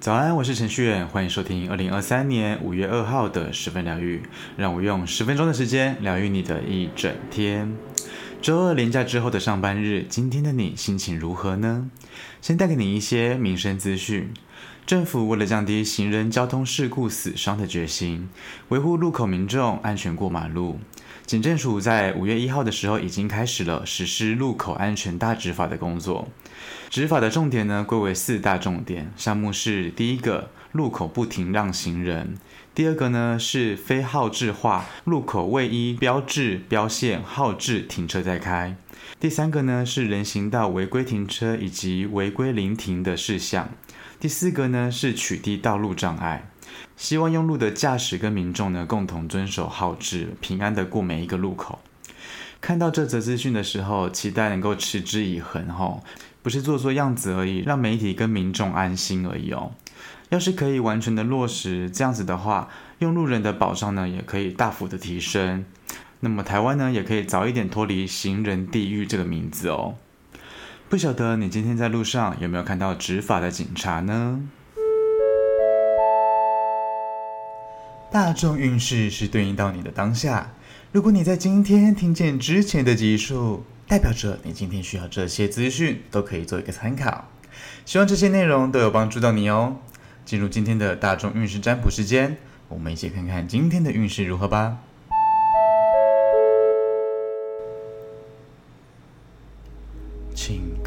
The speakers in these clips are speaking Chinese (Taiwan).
早安，我是程序員，歡迎收聽二零二三年五月二號的十分療癒。讓我用十分鐘的時間療癒你的一整天。周二連假之後的上班日，今天的你心情如何呢？先帶給你一些民生資訊。政府為了降低行人交通事故死傷的決心，維護路口民眾安全過馬路，警政署在五月一號的時候已經開始了實施路口安全大執法的工作。執法的重點呢，歸為四大重點項目：是第一個路口不停讓行人；第二個呢是非號誌化路口未依標志標線號誌停車再開；第三個呢是人行道違規停車以及違規臨停的事項。第四個呢是取締道路障礙，希望用路的駕駛跟民眾呢共同遵守號誌，平安的過每一個路口。看到這則資訊的時候，期待能夠持之以恆吼、哦，不是做做樣子而已，讓媒體跟民眾安心而已哦。要是可以完全的落實這樣子的話，用路人的保障呢也可以大幅的提升，那麼台灣呢也可以早一點脫離“行人地獄”這個名字哦。不曉得你今天在路上有沒有看到執法的警察呢？大眾運勢是對應到你的當下，如果你在今天聽見之前的集數，代表着你今天需要這些資訊都可以做一個參考。希望這些內容都有幫助到你哦。進入今天的大眾運勢占卜時間，我們一起看看今天的運勢如何吧。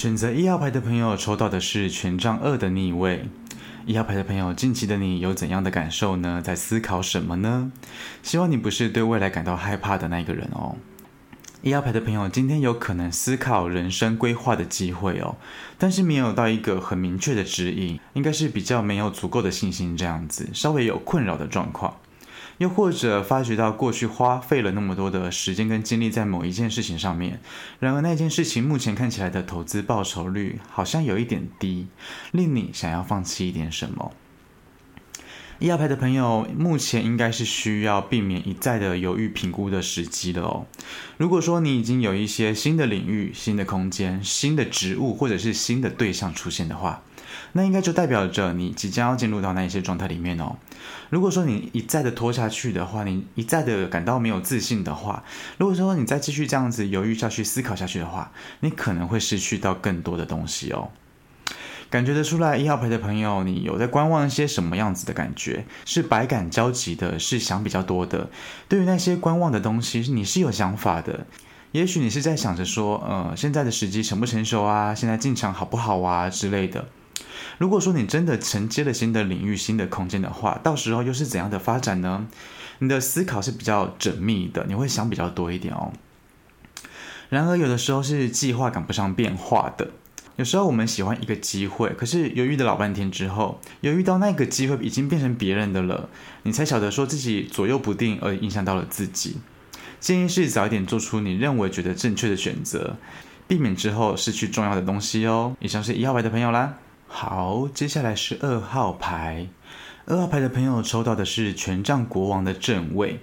選擇一號牌的朋友抽到的是權杖二的逆位。一號牌的朋友，近期的你有怎樣的感受呢？在思考什麼呢？希望你不是對未來感到害怕的那個人哦。一號牌的朋友，今天有可能思考人生規劃的機會哦，但是沒有到一個很明確的指引，應該是比較沒有足夠的信心這樣子，稍微有困擾的狀況。又或者發覺到過去花費了那麼多的時間跟精力在某一件事情上面，然而那件事情目前看起來的投資報酬率好像有一點低，令你想要放棄一點什麼。一二牌的朋友，目前應該是需要避免一再的猶豫評估的時機了哦。如果說你已經有一些新的領域、新的空間、新的職務或者是新的對象出現的話，那應該就代表着你即將要進入到那一些狀態裡面哦。如果說你一再的拖下去的話，你一再的感到沒有自信的話，如果說你再繼續這樣子猶豫下去、思考下去的話，你可能會失去到更多的東西哦。感覺得出來，一號牌的朋友，你有在觀望一些什麼樣子的感覺？是百感交集的，是想比較多的。對於那些觀望的東西，你是有想法的。也許你是在想着說，呃、嗯，現在的時機成不成熟啊？現在進場好不好啊之類的？如果說你真的承接了新的領域、新的空間的話，到時候又是怎樣的發展呢？你的思考是比較縝密的，你會想比較多一點哦。然而，有的時候是計劃趕不上變化的。有時候我們喜歡一個機會，可是猶豫了老半天之後，猶豫到那個機會已經變成別人的了，你才曉得說自己左右不定，而影響到了自己。建議是早一點做出你認為覺得正確的選擇，避免之後失去重要的東西哦。以上是一號牌的朋友啦。好，接下來是二號牌。二號牌的朋友抽到的是權杖國王的正位。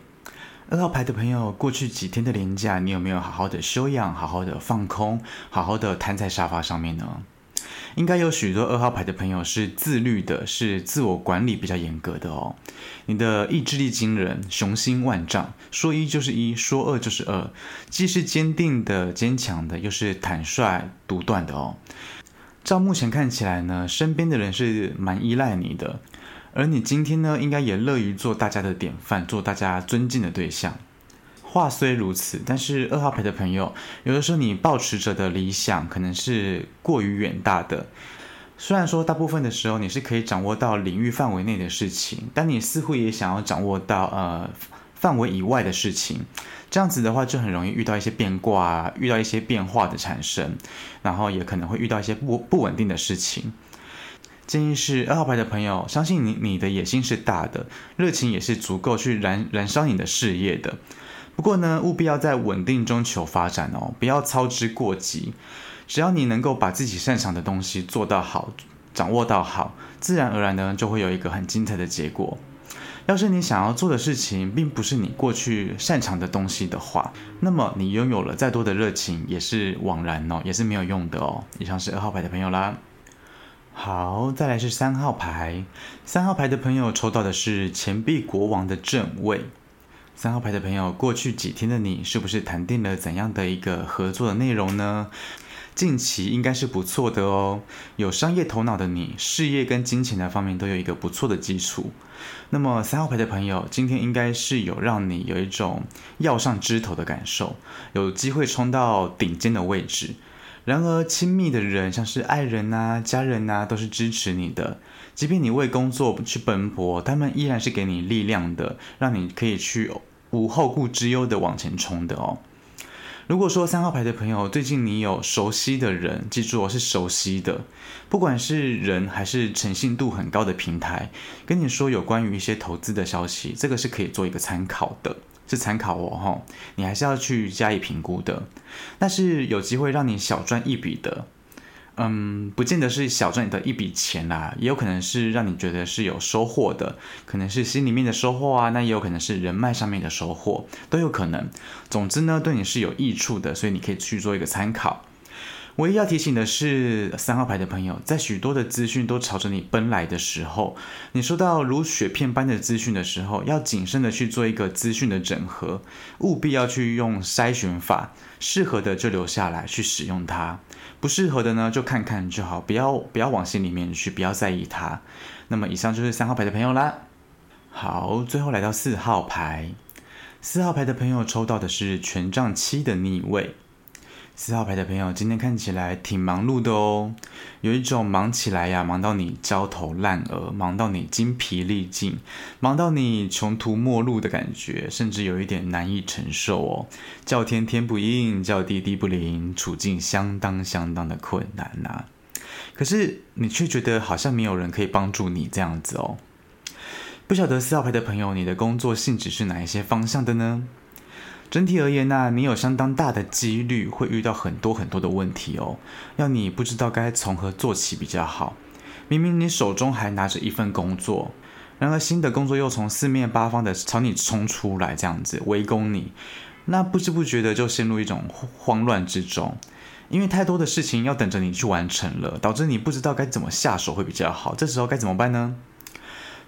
二號牌的朋友，過去幾天的連假，你有沒有好好的休養、好好的放空、好好的癱在沙發上面呢？應該有許多二號牌的朋友是自律的，是自我管理比較嚴格的哦。你的意志力驚人，雄心萬丈，說一就是一，說二就是二，既是堅定的、堅強的，又是坦率、獨斷的哦。照目前看起來呢，身邊的人是蠻依賴你的。而你今天呢，應該也樂於做大家的典範，做大家尊敬的對象。話雖如此，但是二號牌的朋友，有的時候你抱持著的理想可能是過於遠大的。雖然說大部分的時候你是可以掌握到領域範圍內的事情，但你似乎也想要掌握到呃範圍以外的事情。這樣子的話，就很容易遇到一些變卦啊，遇到一些變化的產生，然後也可能會遇到一些不不穩定的事情。建議是二號牌的朋友，相信你你的野心是大的，熱情也是足夠去燃燃燒你的事業的。不過呢，務必要在穩定中求發展哦，不要操之過急。只要你能夠把自己擅長的東西做到好，掌握到好，自然而然呢就會有一個很精彩的結果。要是你想要做的事情並不是你過去擅長的東西的話，那麼你擁有了再多的熱情也是枉然哦，也是沒有用的哦。以上是二號牌的朋友啦。好，再來是三號牌。三號牌的朋友抽到的是錢幣國王的正位。三號牌的朋友，過去幾天的你是不是談定了怎樣的一個合作的內容呢？近期應該是不錯的哦。有商業頭腦的你，事業跟金錢的方面都有一個不錯的基礎。那麼三號牌的朋友，今天應該是有讓你有一種要上枝頭的感受，有機會衝到頂尖的位置。然而，親密的人，像是愛人吶、啊、家人吶、啊，都是支持你的。即便你為工作去奔波，他們依然是給你力量的，讓你可以去無後顧之憂的往前衝的哦。如果說三號牌的朋友，最近你有熟悉的人，記住哦，是熟悉的，不管是人還是誠信度很高的平台，跟你說有關於一些投資的消息，這個是可以做一個參考的，是參考哦，哦，你還是要去加以評估的，但是有機會讓你小賺一筆的。嗯，不見得是小賺你的一筆錢啦、啊，也有可能是讓你覺得是有收穫的，可能是心裡面的收穫啊，那也有可能是人脈上面的收穫，都有可能。總之呢，對你是有益處的，所以你可以去做一個參考。唯一要提醒的是，三號牌的朋友，在許多的資訊都朝着你奔來的時候，你收到如雪片般的資訊的時候，要謹慎的去做一個資訊的整合，務必要去用篩選法，適合的就留下來去使用它，不適合的呢，就看看就好，不要不要往心裡面去，不要在意它。那麼以上就是三號牌的朋友啦。好，最後來到四號牌，四號牌的朋友抽到的是權杖七的逆位。四號牌的朋友，今天看起來挺忙碌的哦，有一種忙起來呀，忙到你焦頭爛額，忙到你精疲力盡，忙到你窮途末路的感覺，甚至有一點難以承受哦。叫天天不應，叫地地不靈，處境相當相當的困難吶、啊。可是你卻覺得好像沒有人可以幫助你這樣子哦。不曉得四號牌的朋友，你的工作性質是哪一些方向的呢？整體而言、啊，呢，你有相當大的幾率會遇到很多很多的問題哦，要你不知道該從何做起比較好。明明你手中還拿着一份工作，然而新的工作又從四面八方的朝你衝出來，這樣子圍攻你，那不知不覺的就陷入一種慌亂之中，因為太多的事情要等着你去完成了，導致你不知道該怎麼下手會比較好。這時候該怎麼辦呢？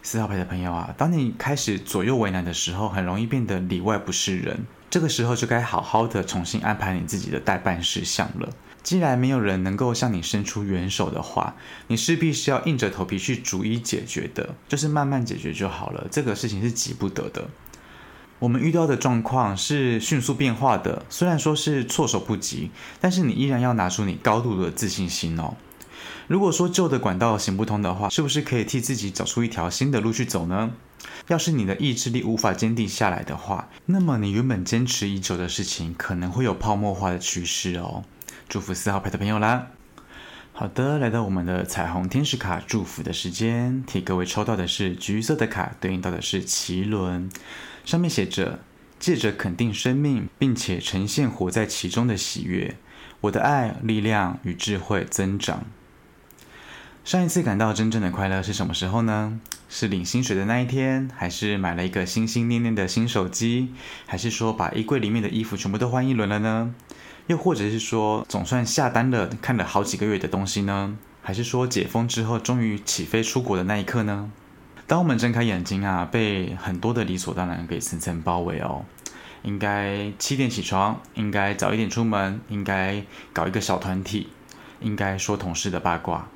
四號牌的朋友啊，當你開始左右為難的時候，很容易變得裡外不是人。這個時候就該好好的重新安排你自己的待辦事項了。既然沒有人能夠向你伸出援手的話，你勢必是要硬着頭皮去逐一解決的。就是慢慢解決就好了，這個事情是急不得的。我們遇到的狀況是迅速變化的，雖然說是措手不及，但是你依然要拿出你高度的自信心哦。如果說舊的管道行不通的話，是不是可以替自己找出一條新的路去走呢？要是你的意志力無法堅定下來的話，那麼你原本堅持已久的事情可能會有泡沫化的趨勢哦。祝福四號牌的朋友啦。好的，來到我們的彩虹天使卡祝福的時間，替各位抽到的是橘色的卡，對應到的是臍輪，上面寫着：借着肯定生命，並且呈現活在其中的喜悅，我的愛、力量與智慧增長。上一次感到真正的快樂是什麼時候呢？是領薪水的那一天，還是買了一個心心念念的新手機，還是說把衣櫃裡面的衣服全部都換一輪了呢？又或者是說總算下單了，看了好幾個月的東西呢？還是說解封之後終於起飛出國的那一刻呢？當我們睜開眼睛啊，被很多的理所當然給層層包圍哦。應該七點起床，應該早一點出門，應該搞一個小團體，應該說同事的八卦。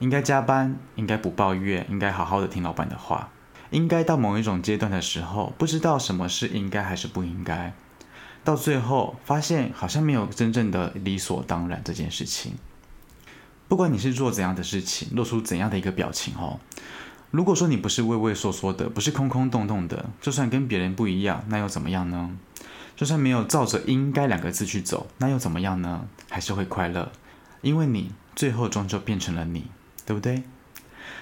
應該加班，應該不抱怨，應該好好的聽老板的話。應該到某一種階段的時候，不知道什麼是應該還是不應該。到最後發現，好像沒有真正的理所當然這件事情。不管你是做怎樣的事情，露出怎樣的一個表情哦。如果說你不是畏畏縮縮的，不是空空洞洞的，就算跟別人不一樣，那又怎麼樣呢？就算沒有照着應該兩個字去走，那又怎麼樣呢？還是會快樂，因為你最後終究變成了你。對不對？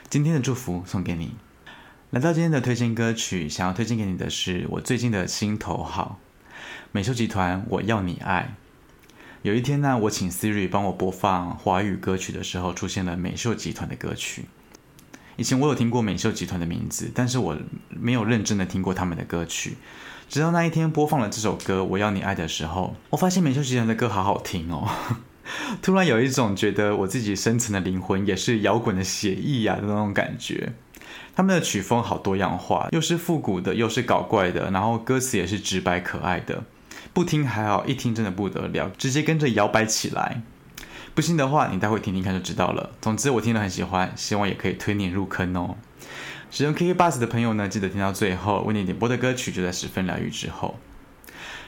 今天的祝福送給你。來到今天的推薦歌曲，想要推薦給你的是我最近的心頭好——美秀集團《我要你愛》。有一天呢、啊，我請 Siri 幫我播放華語歌曲的時候，出現了美秀集團的歌曲。以前我有聽過美秀集團的名字，但是我沒有認真的聽過他們的歌曲。直到那一天播放了這首歌《我要你愛》的時候，我發現美秀集團的歌好好聽哦。突然有一種覺得我自己深層的靈魂也是搖滾的血液啊的那種感覺，他們的曲風好多樣化，又是復古的，又是搞怪的，然後歌詞也是直白可愛的，不聽還好，一聽真的不得了，直接跟着搖擺起來。不信的話，你待會聽聽看就知道了。總之我聽了很喜歡，希望也可以推你入坑哦。使用 KKBOX 的朋友呢，記得聽到最後為你點播的歌曲就在十分療癒之後。